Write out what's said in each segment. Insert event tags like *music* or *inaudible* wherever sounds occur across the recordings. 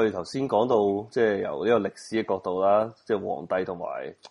我哋頭先講到，即係由呢個歷史嘅角度啦，即係皇帝同埋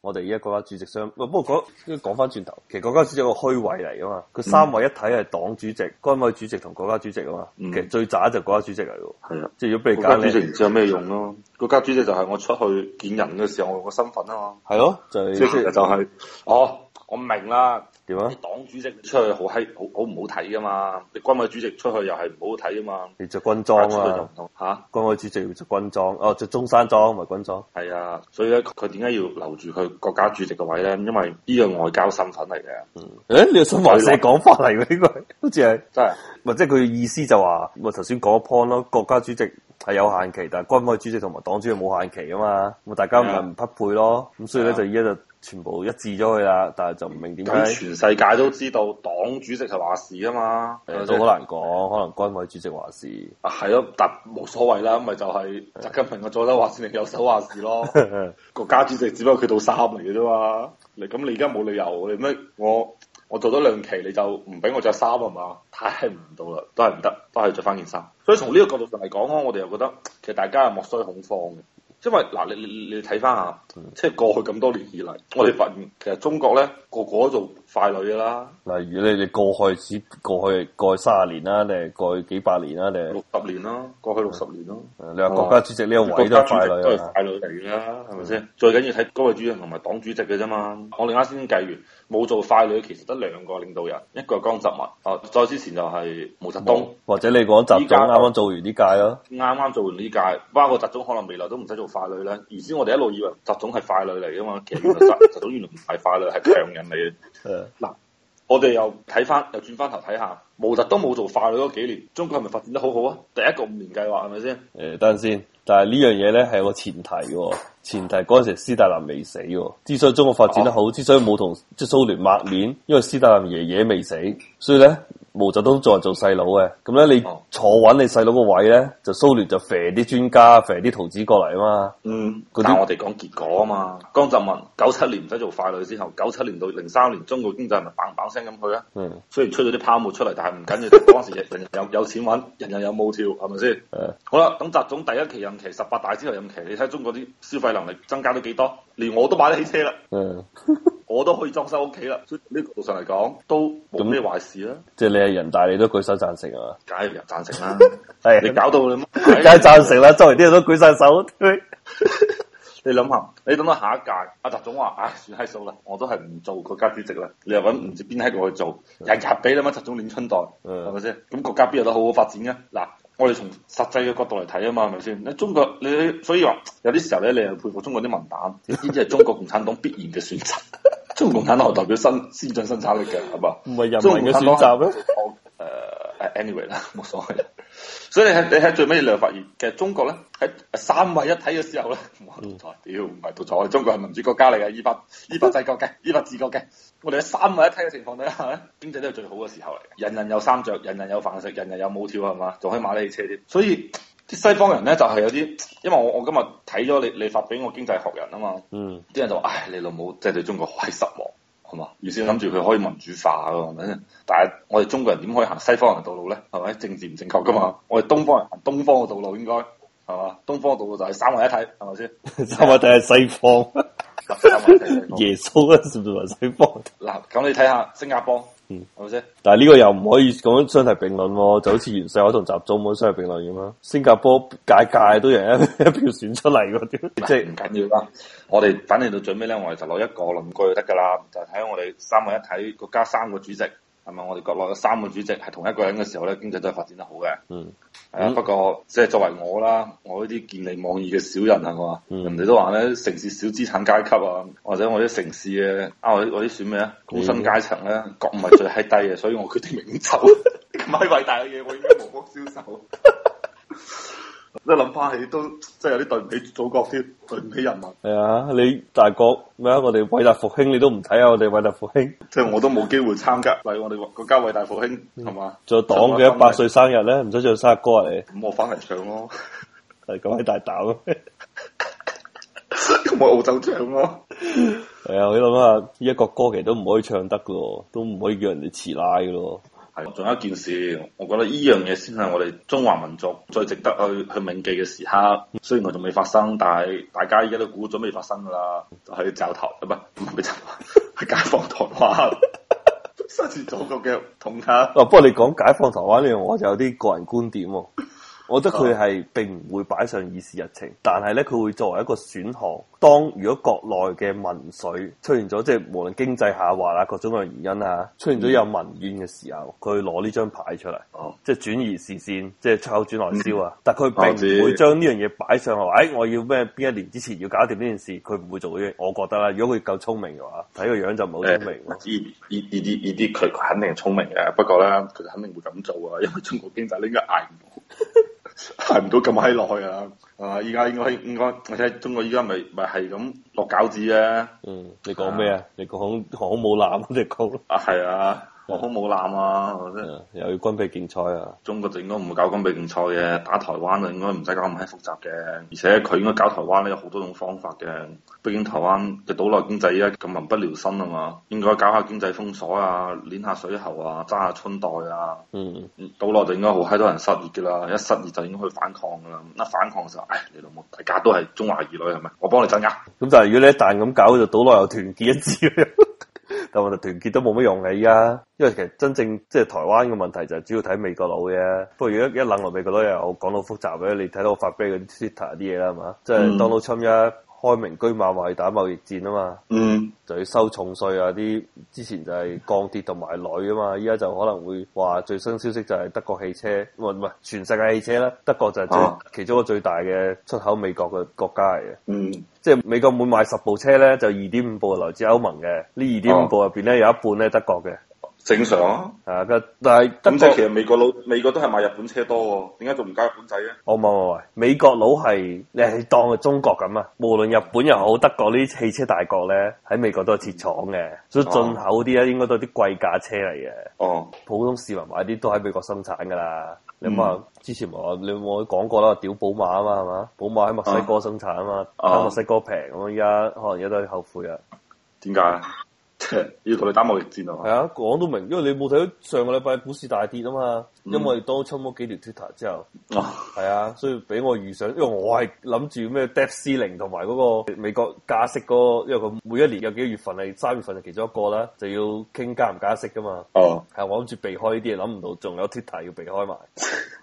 我哋而家國家主席相。不過講講翻轉頭，其實國家主席有個虛位嚟噶嘛，佢三位一體係黨主席、軍委主席同國家主席啊嘛，嗯、其實最渣就國家主席嚟嘅，係啊的，即係如果俾你揀，唔知有咩用咯？國家主席，啊、的家主席就係我出去見人嘅時候，我用個身份啊嘛，係咯，就即係就係，哦。我明啦，點啊樣？黨主席出去好閪，好好唔好睇噶嘛？你軍委主席出去又係唔好睇噶嘛？你着軍裝啊？吓，啊、軍委主席要着軍裝，哦着中山裝唔係軍裝。係啊，所以咧，佢點解要留住佢國家主席嘅位咧？因為呢個外交身份嚟嘅。誒、嗯欸，你新華社講法嚟嘅呢個，了應好似係真係的。唔即係佢意思就話、是，咪頭先講一 point 咯。國家主席係有限期，但係軍委主席同埋黨主席冇限期噶嘛。咁大家咪唔匹配咯。咁、嗯嗯、所以咧，就而家就。全部一致咗佢啦，但係就唔明點解。全世界都知道黨主席就話事啊嘛，都好的難講，的可能軍委主席話事。係咯，但冇所謂啦，咁咪就係、是、習的近平嘅左手話事定右手話事咯。 *laughs* 國家主席只不過佢套衫嚟嘅啫嘛。你咁你而家冇理由，你咩我我做咗兩期你就唔俾我着衫啊嘛？太唔到啦，都係唔得，都係着翻件衫。所以從呢個角度上嚟講，我哋又覺得其實大家係莫須恐慌嘅。因為嗱，你你你睇翻下，即係過去咁多年以嚟，嗯、我哋發現其實中國咧個個都做傀儡噶啦。例如你你過去只過去過卅年啦，定係過去幾百年啦，定六十年啦？過去六十年咯。嗯、你話國家主席呢個位吧都係傀儡嚟噶，係咪先？是是嗯、最緊要睇嗰位主席同埋黨主席嘅啫嘛。我哋啱先計完。冇做傀儡，其實得兩個領導人，一個係江澤民，哦，再之前就係毛澤東，或者你講習總啱啱做完呢屆咯，啱啱屆做完呢屆，包括習總可能未來都唔使做傀儡啦。原先，我哋一路以為習總係傀儡嚟噶嘛，其實習習總原來唔係傀儡，係強人嚟嘅。誒，嗱，我哋又睇翻，又轉翻頭睇下，毛澤東冇做傀儡嗰幾年，中國係咪發展得好好啊？第一個五年計劃係咪先？是是誒，等陣先，但係呢樣嘢咧係有個前提嘅。前提嗰陣時，斯大林未死喎，之所以中國發展得好，啊、之所以冇同即蘇聯抹面，因為斯大林爺爺未死，所以咧。毛澤東再做細佬嘅，咁咧，你坐穩你細佬個位咧，就蘇聯就肥啲專家，肥啲圖紙過嚟啊嘛。嗯，嗱些我哋講結果啊嘛。江澤民九七年唔使做傀儡之後，九七年到零三年，中國經濟係咪棒棒聲咁去啊？嗯，雖然出咗啲泡沫出嚟，但係唔緊要， *laughs* 當時人人有有錢揾，人人有舞跳，係咪先？嗯，好啦，等習總第一期任期十八大之後任期，你睇中國啲消費能力增加到幾多？連我都買得起車啦。嗯。 *laughs* 我都可以裝修屋企啦，所以呢個角度上嚟講都冇咩壞事啦。即係你係人大，你都舉手贊成啊？假如又贊成啦，係 *laughs* 你搞到你，梗係贊成啦。 *laughs* 周圍啲人都舉晒手， *laughs* 你諗下，你等到下一屆阿習總話啊、哎，算係數啦，我都係唔做國家主席啦。你又搵唔知邊閪個去做，嗯、日日俾你搵習總領春袋，係咪先？咁國家邊有得好好發展嘅？嗱，我哋從實際嘅角度嚟睇啊嘛，係咪先？你、哎、中國你所以話有啲時候咧，你又佩服中國啲文膽，呢啲係中國共產黨必然嘅選擇。 *laughs* 中共產黨代表新先進生產力嘅，係嘛？唔係人民嘅選擇咩？誒誒，anyway 啦，冇所謂。所以你喺你喺最尾兩發現，其實中國咧喺三位一體嘅時候咧，嗯，唔錯。屌唔係唔錯，中國係民主國家嚟嘅，依法依法治國嘅，依法治國嘅。我哋喺三位一體嘅情況底下咧，經濟都係最好嘅時候嚟嘅。人人有衫著，人人有飯食，人人有舞跳，係嘛？仲可以買得起車添。所以。啲西方人咧就係、是、有啲，因為我我今日睇咗你你發俾我《經濟學人》啊嘛，嗯，啲人就話，唉，你老母真係對中國好失望，係嘛？原先諗住佢可以民主化噶嘛，但係我哋中國人點可以行西方人道路咧？係咪政治唔正確噶嘛？嗯、我哋東方人行東方嘅道路應該係嘛？東方嘅道路就係三位一體，係咪先？三位一體係西方，耶穌啊，是不是係西方？嗱，咁你睇下新加坡。係咪先？嗯、但係呢個又唔可以咁樣相提並論，就好似袁世凱同習總唔可以相提並論咁啦。新加坡界界，界都有一票選出嚟，啲不，即係唔緊要啦。 *noise* 我哋反正到最尾咧，我哋就攞一個論據就得噶啦，就睇下我哋三位一體國家三個主席。係咪我哋國內嘅三個主席係同一個人嘅時候咧，經濟都係發展得好嘅？嗯，係啦、啊，不過、嗯、即係作為我啦，我呢啲見利忘義嘅小人係嘛，嗯、人哋都話咧，城市小資產階級啊，或者我啲城市嘅啊，我啲我啲算咩啊，高薪階層咧，覺悟、嗯、最低嘅。 *laughs* 所以我決定名丑，咁係偉大嘅嘢，我應該無福消受。一諗翻起都真係有啲對唔起祖國啲對唔起人民。係啊、哎，你大國咩啊？我哋偉大復興，你都唔睇下我哋偉大復興，即係 *laughs* *laughs* 我都冇機會參加。為我哋國家偉大復興，係嘛、嗯？做黨嘅一百歲生日咧，唔使唱生日歌嚟、啊，咁我翻嚟唱咯。係咁喺大膽，我 *laughs* *laughs* 澳洲唱咯。係 *laughs* 啊、哎，你諗下呢一個歌其實都唔可以唱得噶，都唔可以叫人哋遲拉噶。係，仲有一件事，我覺得呢樣嘢先係我哋中華民族最值得去去銘記嘅時刻。雖然我仲未發生，但係大家而家都估咗未發生噶啦，就係造台，唔係唔係造台，係解放台灣，新時代嘅同家。哦、 *laughs* 啊，不過你講解放台灣呢樣，我就有啲個人觀點、哦。我覺得佢係並唔會擺上議事日程，但係咧佢會作為一個選項。當如果國內嘅民粹出現咗，即係無論經濟下滑啦，各種嘅原因啦，出現咗有民怨嘅時候，佢攞呢張牌出嚟，嗯、即係轉移視線，即係出口轉內銷啊。嗯、但佢並唔會將呢樣嘢擺上嚟。誒、哎，我要咩？邊一年之前要搞掂呢件事，佢唔會做嘅。我覺得啦，如果佢夠聰明嘅話，睇個樣就唔好聰明。呢呢啲呢啲佢肯定係聰明嘅，不過咧，佢肯定會咁做啊，因為中國經濟咧應該行唔到咁閪耐啊！啊，依家應該應該，我睇中國依家咪咪係咁落餃子啊！嗯，你講咩啊？你講航母艦你講講 *laughs* 啊？係啊！我好冇艦啊，或者又要軍備競賽啊？中國就應該唔會搞軍備競賽嘅，打台灣就應該唔使搞咁閪複雜嘅。而且佢應該搞台灣咧，有好多種方法嘅。畢竟台灣嘅島內經濟依家咁民不聊生啊嘛，應該搞下經濟封鎖啊，捻下水喉啊，揸下春袋啊。嗯，島內就應該好閪多人失業噶啦，一失業就已經去反抗噶啦。一反抗就唉，你老母，大家都係中華兒女係咪？我幫你鎮壓。咁但係如果你一但咁搞，就島內又團結一次。 *laughs* 但又話團結都冇乜用嘅。而家因為其實真正即係台灣嘅問題就係主要睇美國佬嘅。不過如果一諗落美國佬又講到複雜嘅，你睇到我發俾嗰啲 Twitter 啲嘢啦嘛，即係 Donald Trump 一、啊。嗯。開明車馬話去打貿易戰啊嘛，嗯，就要收重稅啊啲，之前就係鋼鐵同埋鋁啊嘛，依家就可能會話最新消息就係德國汽車，唔係唔係全世界汽車啦，德國就係、啊、其中一個最大嘅出口美國嘅國家嚟嘅，嗯，即係美國每買十部車咧，就二點五部係來自歐盟嘅，呢二點五部入邊咧有一半咧德國嘅。正常啊，係、啊，但係德國其實美國佬美國都係買日本車多喎，點解仲唔加日本仔咧？哦，冇，冇，美國佬係你係當佢中國咁啊！無論日本又好德國呢啲汽車大國咧，喺美國都係設廠嘅，所以進口啲咧、啊、應該都係啲貴價車嚟嘅。哦、啊，普通市民買啲都喺美國生產噶啦。嗯、你冇話之前我，你冇講過啦，屌寶馬啊嘛係嘛？寶馬喺墨西哥生產啊嘛，喺、啊、墨西哥平，咁依家可能而家都係後悔啊。點解？ *laughs* 要同你打貿易戰啊嘛！係啊，講都明，因為你冇睇到上個禮拜股市大跌啊嘛，嗯、因為我當出嗰幾條 Twitter 之後，係啊，啊，所以俾我遇上，因為我係諗住咩 Debt Ceiling 同埋嗰個美國加息嗰、那個，因為佢每一年有幾個月份係三月份就其中一個啦，就要傾加唔加息噶嘛。哦、啊，係、啊、我諗住避開呢啲，嘢，諗唔到仲有 Twitter 要避開埋，啊、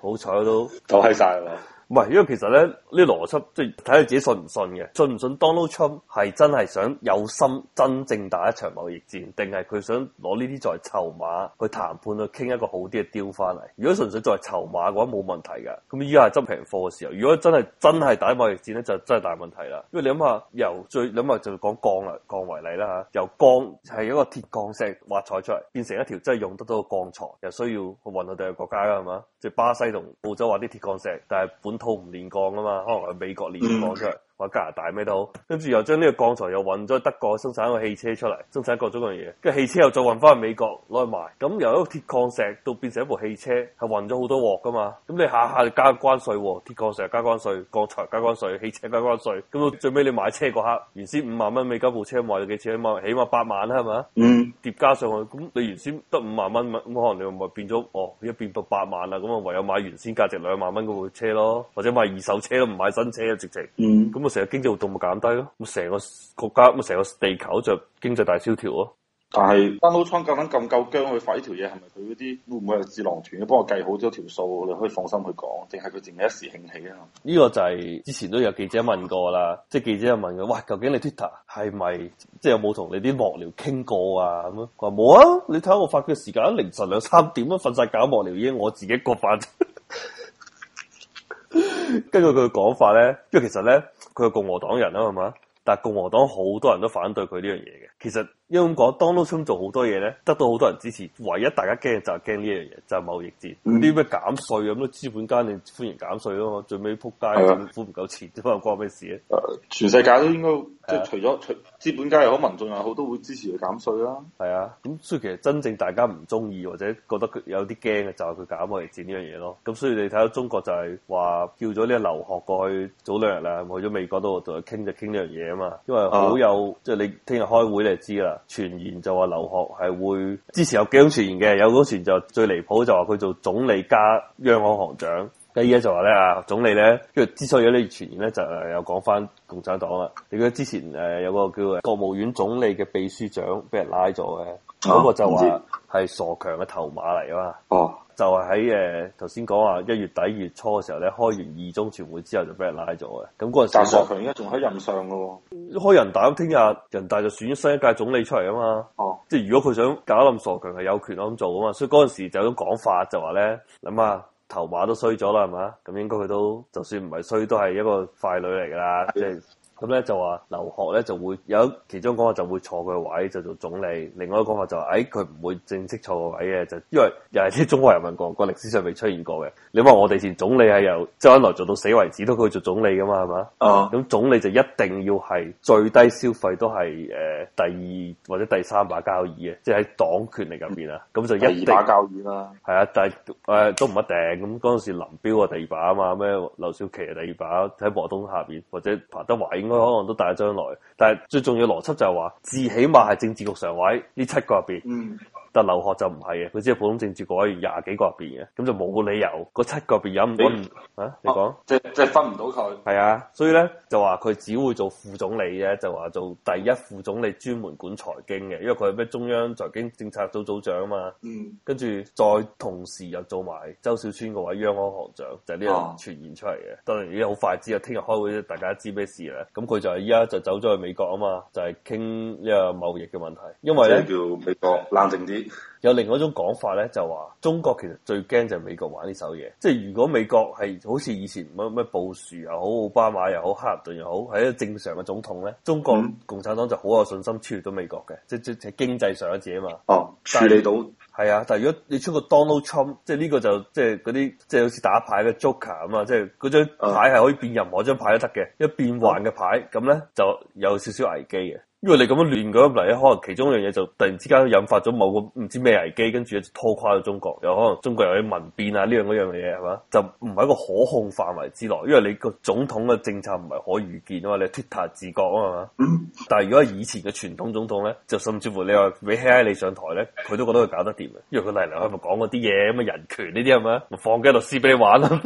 好彩都躲開晒啦。 *laughs* *laughs* 唔係，因為其實咧呢個邏輯，即係睇下自己信唔信嘅。信唔信 Donald Trump 係真係想有心真正打一場貿易戰，定係佢想攞呢啲作為籌碼去談判去傾一個好啲嘅雕翻嚟？如果純粹作為籌碼嘅話，冇問題㗎。咁依家係執平貨嘅時候，如果真係真係打貿易戰咧，就真係大問題啦。因為你諗下，由最諗下就講鋼啦，鋼為例啦嚇。由鋼係一個鐵鋼石挖採出嚟，變成一條真係用得到嘅鋼材，又需要去運到第二國家㗎嘛？即係巴西同澳洲挖啲鐵鋼石，但係本套唔練鋼啊嘛，可能去美國練鋼嘅。嗯話、啊、加拿大咩都好，跟住又將呢個鋼材又運咗德國生產個汽車出嚟，生產各種各樣嘢，跟住汽車又再運翻去美國攞去賣，咁由一個鐵礦石到變成一部汽車，係運咗好多鑊噶嘛，咁你下下就加關稅，鐵礦石加關稅，鋼材加關稅，汽車加關稅，咁到最尾你買車嗰刻，原先五萬蚊美金部車賣咗幾錢啊嘛，起碼八萬啦係嘛，嗯，疊加上去，咁你原先得五萬蚊咁可能你咪變咗哦，要變到八萬啦，咁啊唯有買原先價值兩萬蚊嗰部車咯，或者買二手車都唔買新車直情，嗯，咁。成個經濟活動咪減低咯，咁成個國家，咁成個地球就經濟大蕭條咯。但係 Donald Trump 咁咁夠薑去發呢條嘢，係咪佢嗰啲會唔會係智囊團？佢幫我計好咗條數，你可以放心去講，定係佢淨係一時興起啊？呢個就係、是、之前都有記者問過啦，即係記者問佢：哇，究竟你 Twitter 係咪即係有冇同你啲幕僚傾過啊？咁樣佢話冇啊，你睇下我發嘅時間，凌晨兩三點都瞓晒覺，幕僚已經我自己個份。 *laughs* 根據佢嘅講法咧，因為其實咧。佢係共和黨人啦，係嘛？但係共和黨好多人都反對佢呢樣嘢嘅。其實，因為咁講，Donald Trump 做好多嘢咧，得到好多人支持。唯一大家驚就係驚呢樣嘢，就係、貿易戰。啲咩、嗯、減稅咁咯？資本家你歡迎減稅啊嘛。最尾撲街，款唔的夠錢，咁又關咩事咧、啊？全世界都應該即係的，除咗除。資本家又好，民眾又好，都會支持佢減稅啦。係啊，咁所以其實真正大家唔中意或者覺得佢有啲驚嘅，就係佢減我哋戰呢樣嘢咯。咁所以你睇到中國就係話叫咗呢個劉鶴過去早兩日啦，去咗美國度就傾就傾呢樣嘢啊嘛。因為好有、啊、即係你聽日開會你就知啦，傳言就話劉鶴係會之前有幾種傳言嘅，有種傳就最離譜就話佢做總理加央行行長。第二嘢就話咧啊，總理咧，因為之所以有啲傳言咧，就誒有講翻共產黨啊。你覺得之前誒有個叫國務院總理嘅秘書長俾人拉咗嘅，嗰、啊、個就話係傻強嘅頭馬嚟啊嘛。哦，就係喺誒頭先講話一月底一月初嘅時候咧，開完二中全會之後就俾人拉咗嘅。咁嗰陣時，傻強應該仲喺任上噶、哦，開人大，咁，聽日人大就選新一屆總理出嚟啊嘛。哦、啊，即係如果佢想搞冧傻強，係有權咁做啊嘛。所以嗰陣時就有種講法就呢，就話咧諗下。頭馬都衰咗啦，係嘛？咁應該佢都就算唔係衰，都係一個傀儡嚟㗎啦，即係的。就是咁咧就話劉鶴咧就會有其中一個講法就會坐佢位就做總理，另外一個講法就係誒佢唔會正式坐個位嘅，就因為又係啲中華人民共和國歷史上未出現過嘅。你話我哋前總理係由周恩來做到死為止都佢做總理噶嘛，係嘛？哦，咁總理就一定要係最低消費都係誒第二或者第三把交椅嘅，即係喺黨權力入面啊。咁就第二把交椅啦。係啊，但誒都唔一定。咁嗰陣時林彪係第二把啊嘛，咩劉少奇係第二把，喺毛東下邊或者彭德懷。應該可能都大咗將來，但係最重要邏輯就係話，至起碼係政治局常委呢七個入邊。嗯但劉鶴就唔係嘅，佢只係普通政治局委廿幾個入邊嘅，咁就冇理由嗰七個入邊有唔到啊！你講即即分唔到佢係啊，所以咧就話佢只會做副總理啫，就話做第一副總理專門管財經嘅，因為佢係咩中央財經政策組組,組長啊嘛。嗯，跟住再同時又做埋周小川嗰位央行行長，就呢個傳言出嚟嘅。啊、當然已經好快知啦，聽日開會大家知咩事啦。咁佢就係依家就走咗去美國啊嘛，就係傾呢個貿易嘅問題，因為咧叫美國冷靜啲。嗯有另外一種講法咧，就話中國其實最驚就係美國玩呢手嘢，即係如果美國係好似以前乜乜布殊又好，奧巴馬又好，克林頓又好，係一個正常嘅總統咧，中國共產黨就好有信心處理到美國嘅，即係即係經濟上一節啊嘛。哦、啊，處理到係啊，但係如果你出個 Donald Trump，即係呢個就即係嗰啲即係好似打牌嘅 Joker 啊嘛，即係嗰張牌係可以變任何張牌都得嘅，一變幻嘅牌，咁咧、啊、就有少少危機嘅。因為你咁樣亂咁嚟咧，可能其中一樣嘢就突然之間引發咗某個唔知咩危機，跟住咧拖垮咗中國，有可能中國又有民變啊呢樣嗰樣嘢係嘛，就唔係一個可控範圍之內。因為你個總統嘅政策唔係可預見啊嘛，你脱塔治國啊嘛。 *laughs* 但係如果以前嘅傳統總統咧，就甚至乎你話俾希拉里上台咧，佢都覺得佢搞得掂，因為佢嚟嚟去去講嗰啲嘢咁嘅人權呢啲係咪？我放喺度試俾你玩啊，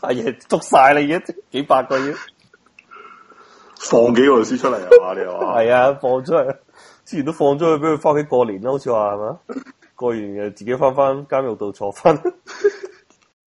阿 *laughs* 爺、哎、捉晒你，已經，幾百個月。放幾個律師出嚟啊嘛。你話係 *laughs* 啊？放出嚟，之前都放咗去俾佢翻屋企過年啦，好似話係嘛？ *laughs* 過完又自己翻翻監獄度坐翻。 *laughs*